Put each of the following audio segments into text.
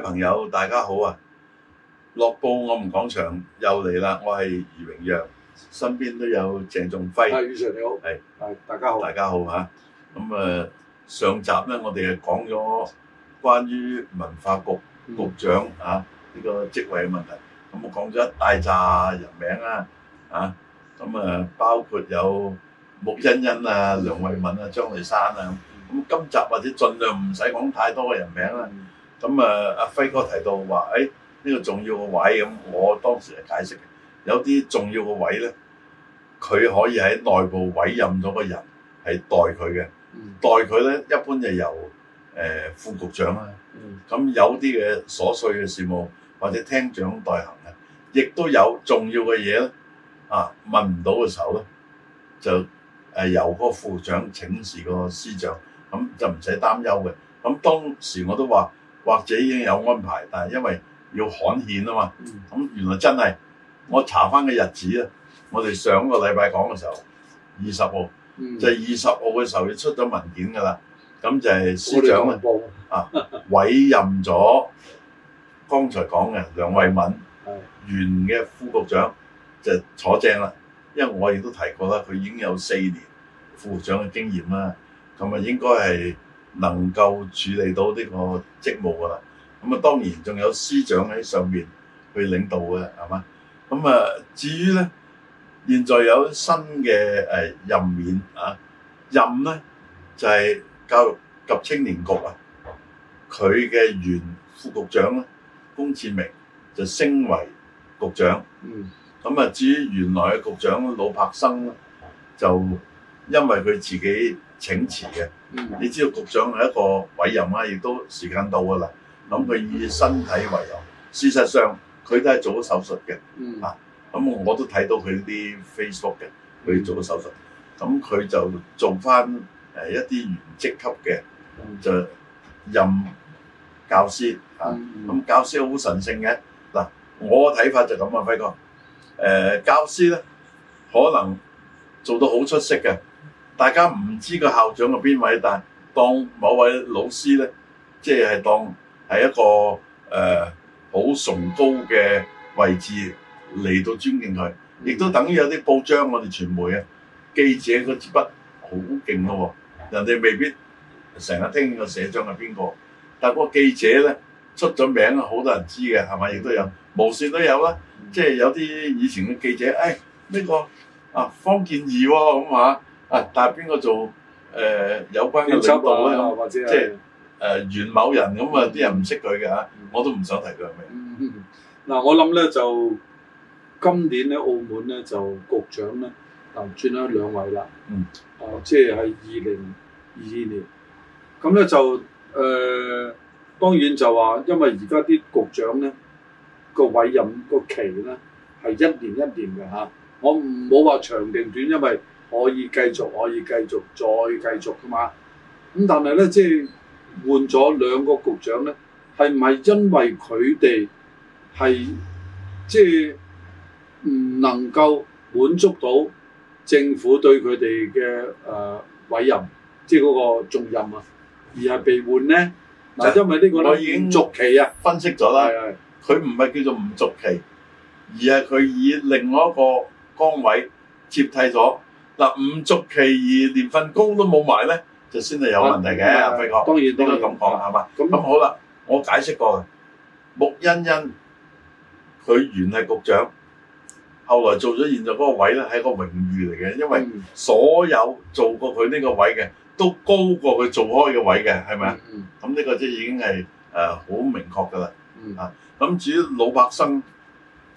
朋友，大家好啊！樂報我們講場，又嚟啦！我係余榮陽，身邊都有鄭仲輝。係，余 Sir 你好，係係，大家好，大家好吓。咁啊，上集咧，我哋啊講咗關於文化局局長啊呢個職位嘅問題。咁啊，我講咗一大扎人名啊，啊咁啊，包括有穆欣欣啊、梁慧敏啊、張麗珊啊。咁今集或者盡量唔使講太多嘅人名啦。咁啊，阿輝哥提到話，誒呢、哎這個重要嘅位，咁我當時係解釋嘅，有啲重要嘅位咧，佢可以喺內部委任咗個人係代佢嘅，嗯、代佢咧一般就由誒、呃、副局長啦，咁、嗯、有啲嘅瑣碎嘅事務或者廳長代行嘅，亦都有重要嘅嘢咧，啊問唔到嘅時候咧，就誒由個副局長請示個司長，咁就唔使擔憂嘅。咁當時我都話。或者已經有安排，但係因為要刊憲啊嘛，咁、嗯、原來真係我查返嘅日子咧，我哋上一個禮拜講嘅時候，二十號就二十號嘅時候要出咗文件㗎啦，咁就係司長啊委任咗，剛才講嘅梁慧敏， 原嘅副局長就坐正啦，因為我亦都提過啦，佢已經有四年副局長嘅經驗啦，同埋應該係。能夠處理到呢個職務㗎啦，咁啊當然仲有司長喺上面去領導嘅係嘛？咁啊至於咧，現在有新嘅誒任免啊，任咧就係教育及青年局啊，佢嘅原副局長咧，龔志明就升為局長。嗯，咁啊至於原來嘅局長老柏生咧，就因為佢自己。請辭嘅，你知道局長係一個委任啦，亦都時間到噶啦。咁佢以身體為由，事實上佢都係做咗手術嘅。嗱、嗯，咁、啊、我都睇到佢啲 Facebook 嘅，佢做咗手術。咁佢就做翻誒一啲原職級嘅，嗯、就任教師啊。咁、嗯啊、教師好神聖嘅嗱，我嘅睇法就咁啊，輝哥。誒、呃、教師咧，可能做到好出色嘅。大家唔知個校長係邊位，但當某位老師咧，即係當係一個誒好、呃、崇高嘅位置嚟到尊敬佢，亦都等於有啲報章我哋傳媒啊，記者支筆好勁咯喎，人哋未必成日聽個社長係邊個，但個記者咧出咗名，好多人知嘅係咪？亦都有，無線都有啦，即係有啲以前嘅記者，誒、哎、呢、這個啊方健儀喎咁啊～啊！但係邊個做誒、呃、有關嘅領導咧、啊？或者即係誒、呃、袁某人咁啊？啲人唔識佢嘅嚇，我都唔想提佢係咩。嗱，我諗咧就今年咧澳門咧就局長咧，嗱轉咗兩位啦。嗯。啊、呃，即係二零二二年，咁咧就誒、呃，當然就話，因為而家啲局長咧個委任個期咧係一年一年嘅嚇，我唔好話長定短，因為可以繼續，可以繼續，再繼續噶嘛？咁但係咧，即係換咗兩個局長咧，係唔係因為佢哋係即係唔能夠滿足到政府對佢哋嘅誒委任，即係嗰個重任啊？而係被換咧，嗱，因為呢個我已經續期啊，分析咗啦，佢唔係叫做唔續期，是的 而係佢以另外一個崗位接替咗。嗱，五足其二，連份工都冇埋咧，就先係有問題嘅。當然都係咁講係嘛？咁好啦，我解釋過，穆欣欣佢原係局長，後來做咗現在嗰個位咧，係一個榮譽嚟嘅，因為所有做過佢呢個位嘅，都高過佢做開嘅位嘅，係咪啊？咁呢個即係已經係誒好明確噶啦。啊，咁至於老百姓。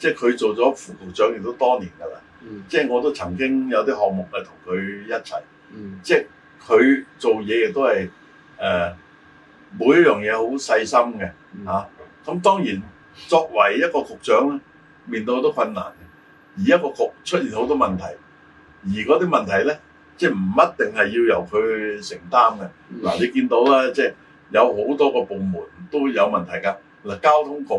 即係佢做咗副局長亦都多年㗎啦，嗯、即係我都曾經有啲項目係同佢一齊，嗯、即係佢做嘢亦都係誒、呃、每一樣嘢好細心嘅嚇。咁、嗯啊、當然作為一個局長咧，面對好多困難，而一個局出現好多問題，而嗰啲問題咧，即係唔一定係要由佢承擔嘅。嗱、嗯，你見到啦，即係有好多個部門都有問題㗎。嗱，交通局。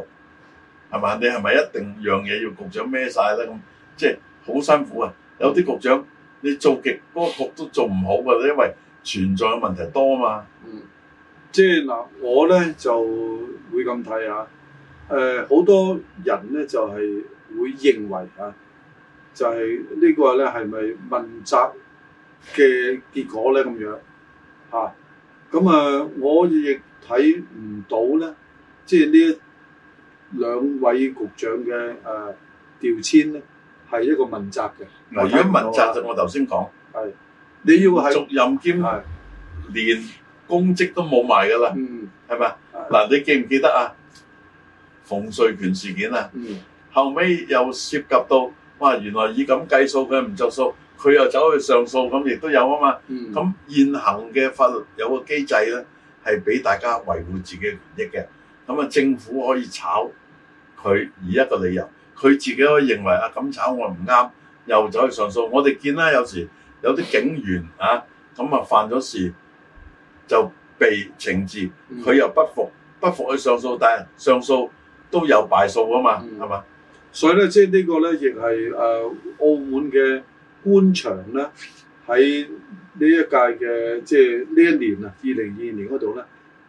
係嘛？你係咪一定樣嘢要局長孭晒咧？咁即係好辛苦啊！有啲局長你做極嗰、那個、局都做唔好㗎、啊，因為存在嘅問題多啊嘛。嗯，即係嗱，我咧就會咁睇啊。誒、呃，好多人咧就係、是、會認為啊，就係、是、呢個咧係咪問責嘅結果咧咁樣？嚇、啊，咁啊，我亦睇唔到咧，即係呢一。兩位局長嘅誒調遷咧，係一個問責嘅。如果問責就我頭先講，係你要係續任兼連公職都冇埋㗎啦，係咪？嗱，你記唔記得啊？馮瑞權事件啊，嗯、後尾又涉及到哇，原來以咁計數佢唔著數，佢又走去上訴，咁亦都有啊嘛。咁、嗯、現行嘅法律有個機制咧，係俾大家維護自己嘅權益嘅。咁啊，政府可以炒。佢而一個理由，佢自己都認為啊咁炒我唔啱，又走去上訴。我哋見啦，有時有啲警員啊，咁啊犯咗事就被懲治，佢又不服，不服去上訴，但係上訴都有敗訴啊嘛，係嘛，嗯？吧所以咧，即、就、係、是、呢個咧，亦係誒澳門嘅官場咧，喺呢一屆嘅即係呢一年啊，二零二二年嗰度咧，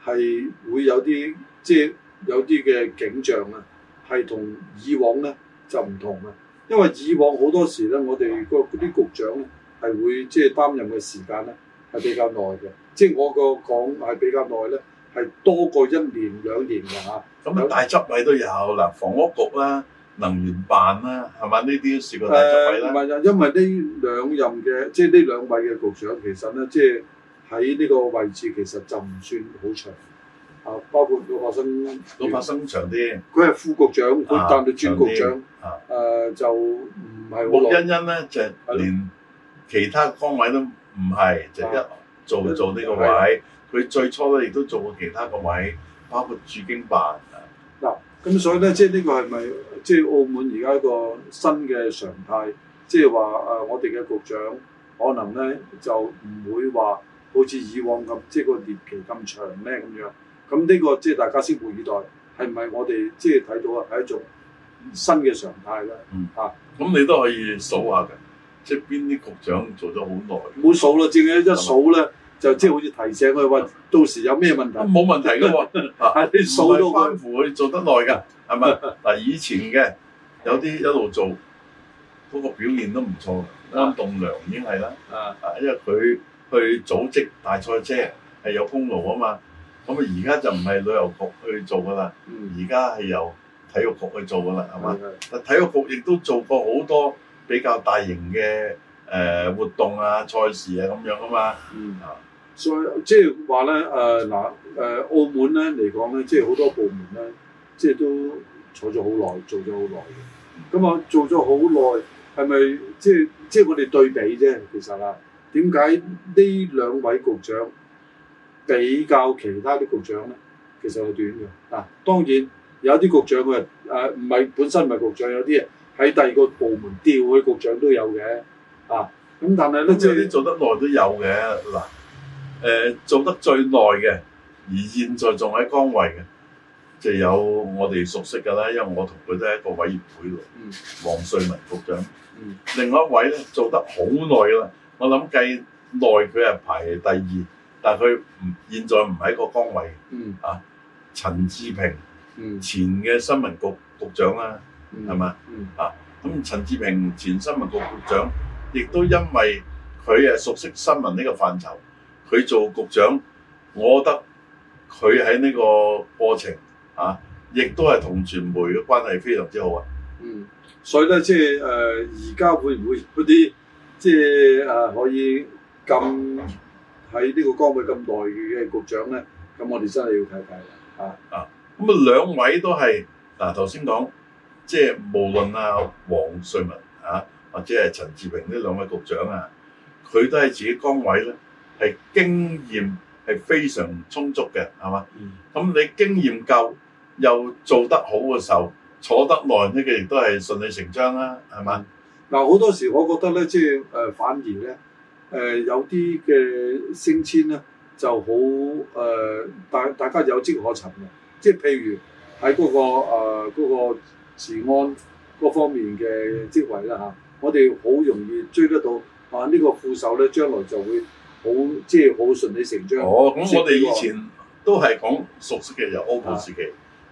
係會有啲即係有啲嘅景象啊。係同以往咧就唔同啊，因為以往好多時咧，我哋個嗰啲局長咧係會即係、就是、擔任嘅時間咧係比較耐嘅，即係我個講係比較耐咧，係多過一年兩年嘅嚇。咁啊，大執位都有啦，房屋局啦、能源辦啦，係嘛？呢啲都試過大執位啦。誒係啊，因為呢兩任嘅即係呢兩位嘅局長其實咧，即係喺呢個位置其實就唔算好長。啊！包括老學生，老學生長啲。佢係副局長，佢擔到專局長。啊，誒、呃、就唔係好耐。穆欣欣咧就連其他崗位都唔係，啊、就一做做呢個位。佢、啊、最初咧亦的都做過其他個位，包括駐京辦啊。嗱，咁所以咧、嗯，即係呢個係咪即係澳門而家一個新嘅常態？即係話誒，我哋嘅局長可能咧就唔會話好似以往咁，即係個任期咁長咧咁樣。咁呢、這個即係大家拭目以待，係唔係我哋即係睇到啊係一種新嘅常態咧？嗯，咁你都可以數下嘅，是即係邊啲局長做咗好耐？冇好數啦，只要一數咧嗎，就即係好似提醒佢話，到時有咩問題？冇問題噶，你係數都關乎佢做得耐嘅，係咪？嗱， 以前嘅有啲一路做，嗰個表現都唔錯，啱棟梁已經係啦，因為佢去組織大賽車係有功勞啊嘛。咁啊，而家就唔係旅遊局去做噶啦，而家係由體育局去做噶啦，係嘛、嗯？吧但體育局亦都做過好多比較大型嘅誒活動啊、賽事啊咁樣啊嘛。嗯嗯、所以即係話咧，誒、就、嗱、是，誒、呃呃呃、澳門咧嚟講咧，即係好多部門咧，即、就、係、是、都坐咗好耐，做咗好耐。咁啊，做咗好耐，係咪即係即係我哋對比啫？其實啊，點解呢兩位局長？比較其他啲局長咧，其實係短嘅。嗱、啊，當然有啲局長嘅，誒唔係本身唔係局長，有啲喺第二個部門調嘅局長都有嘅。啊，咁但係咧，即係啲做得耐都有嘅。嗱、啊，誒、呃、做得最耐嘅，而現在仲喺崗位嘅，就有我哋熟悉嘅啦。因為我同佢都係一個委員會度。嗯。黃瑞文局長。嗯。嗯，另外一位咧做得好耐嘅啦，我諗計耐佢係排第二。但佢唔現在唔喺個崗位，嗯、啊，陳志平、嗯、前嘅新聞局局長啦，係咪？啊，咁陳志平前新聞局局長，亦都因為佢係熟悉新聞呢個範疇，佢做局長，我覺得佢喺呢個過程啊，亦都係同傳媒嘅關係非常之好啊。嗯，所以咧，即係誒，而、呃、家會唔會嗰啲即係誒可以咁？喺呢個崗位咁耐嘅局長咧，咁我哋真係要睇睇啦。啊啊，咁啊兩位都係嗱，頭先講即係無論啊黃瑞文啊，或者係陳志平呢兩位局長啊，佢都係自己崗位咧，係經驗係非常充足嘅，係嘛？咁你經驗夠又做得好嘅時候，坐得耐呢，佢亦都係順理成章啦，係嘛？嗱，好多時我覺得咧，即係誒反而咧。誒、呃、有啲嘅升遷咧，就好誒、呃，大大家有跡可循嘅，即係譬如喺嗰、嗰個誒治、呃嗰個、安各方面嘅職位啦嚇、啊，我哋好容易追得到啊！呢、呢個副手咧，將來就會好即係好順理成章。哦，咁、嗯、我哋以前都係講熟悉嘅由 o p p 時期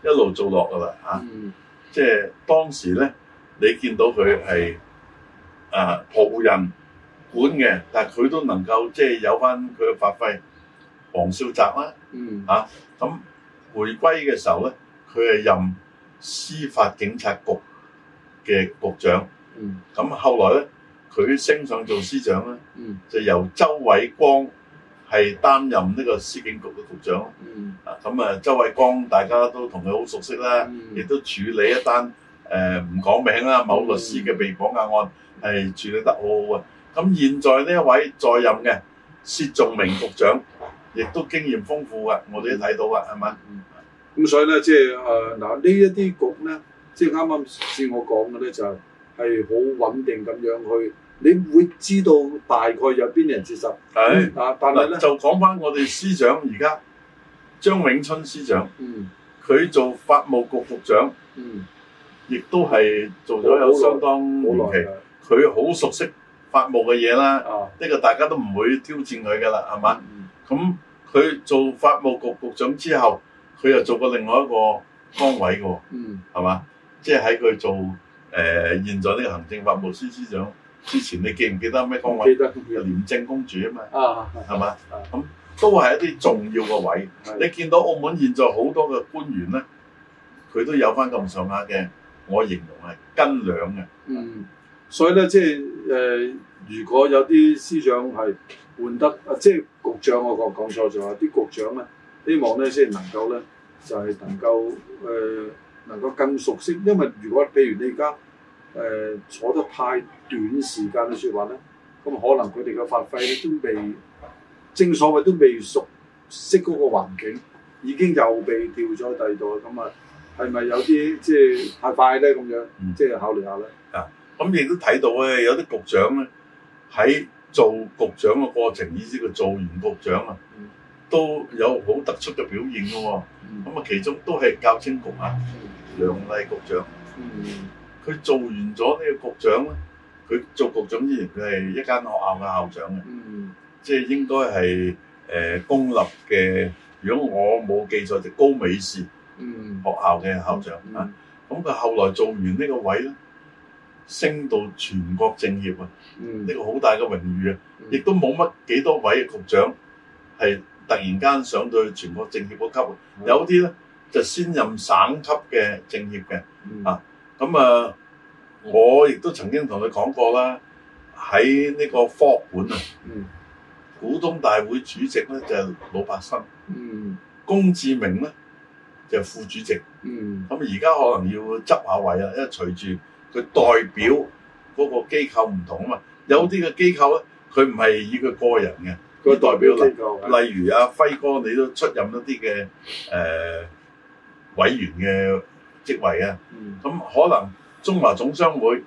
一路做落噶啦嚇，啊嗯、即係當時咧你見到佢係誒破印管嘅，但係佢都能夠即係有翻佢嘅發揮。黃少澤啦，嚇咁回歸嘅時候咧，佢係任司法警察局嘅局長。咁後來咧，佢升上做司長咧，就由周偉光係擔任呢個司警局嘅局長。咁啊，周偉光大家都同佢好熟悉啦，亦都處理一單誒唔講名啦，某律師嘅被綁架案係處理得好好啊！咁現在呢一位在任嘅薛仲明局長，亦都經驗豐富嘅，我哋都睇到啊，係咪？咁、嗯、 所以咧，即係誒嗱，呢一啲局咧，即係啱啱先我講嘅咧，就係好穩定咁樣去，你會知道大概有邊啲人接受。係啊是、嗯，但係咧、嗯，就講翻我哋司長而家張永春司長，嗯，佢做法務局局長，嗯，亦都係做咗有相當年期，佢好熟悉。法務嘅嘢啦，呢個、uh, 大家都唔會挑戰佢噶啦，係嘛？咁佢、uh, 做法務局局長之後，佢又做過另外一個崗位嘅，係嘛、uh, um,？即係喺佢做誒、呃，現在呢個行政法務司司長之前，你記唔記得咩崗位？記得廉政公署啊嘛，係嘛、uh, uh,？咁都係一啲重要嘅位。Uh, uh, uh, um, 你見到澳門現在好多嘅官員咧，佢都有翻咁上下嘅，我形容係斤兩嘅。Uh, um, 所以咧，即係誒、呃，如果有啲司長係換得，啊，即係局長，我講講錯咗啊！啲局長咧，希望咧先能夠咧，就係、是、能夠誒、呃，能夠更熟悉。因為如果譬如你而家誒坐得太短時間嘅説話咧，咁可能佢哋嘅發揮都未，正所謂都未熟悉嗰個環境，已經又被調咗去第二度，咁啊，係咪有啲即係太快咧咁樣？嗯、即係考慮下啦。咁亦都睇到咧，有啲局長咧喺做局長嘅過程，以至佢做完局長啊，都有好突出嘅表現嘅。咁啊，其中都係教青局啊，梁麗局長。佢做完咗呢個局長咧，佢做局長之前，佢係一間學校嘅校長嘅，即係應該係誒公立嘅。如果我冇記錯，就高美士學校嘅校長啊。咁佢後來做完呢個位咧。升到全國政協啊！呢個好大嘅榮譽啊！亦都冇乜幾多位局長係突然間上到去全國政協嗰級嘅，有啲咧就先任省級嘅政協嘅啊！咁啊，我亦都曾經同你講過啦，喺呢個科學館啊，股東大會主席咧就係老百姓，嗯，公志明咧就係副主席，嗯，咁而家可能要執下位啊，因為隨住。佢代表嗰個機構唔同啊嘛，有啲嘅機構咧，佢唔係以佢個人嘅，佢代表嗱，例如阿、啊、輝哥，你都出任一啲嘅誒委員嘅職位啊，咁可能中華總商會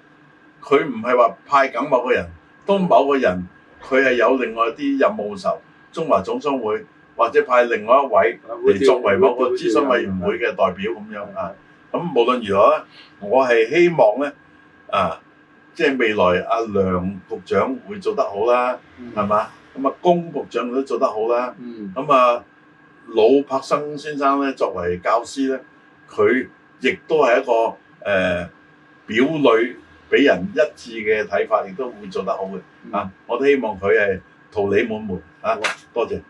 佢唔係話派緊某個人，當某個人佢係有另外啲任務嘅時候，中華總商會或者派另外一位嚟作為某個諮詢委員會嘅代表噉樣啊。咁無論如何，我係希望咧，啊，即係未來阿梁局長會做得好啦，係嘛？咁啊，公局長都做得好啦，咁啊，老柏生先生咧作為教師咧，佢亦都係一個誒表裏俾人一致嘅睇法，亦都會做得好嘅。啊，我都希望佢係桃李滿門啊，多謝。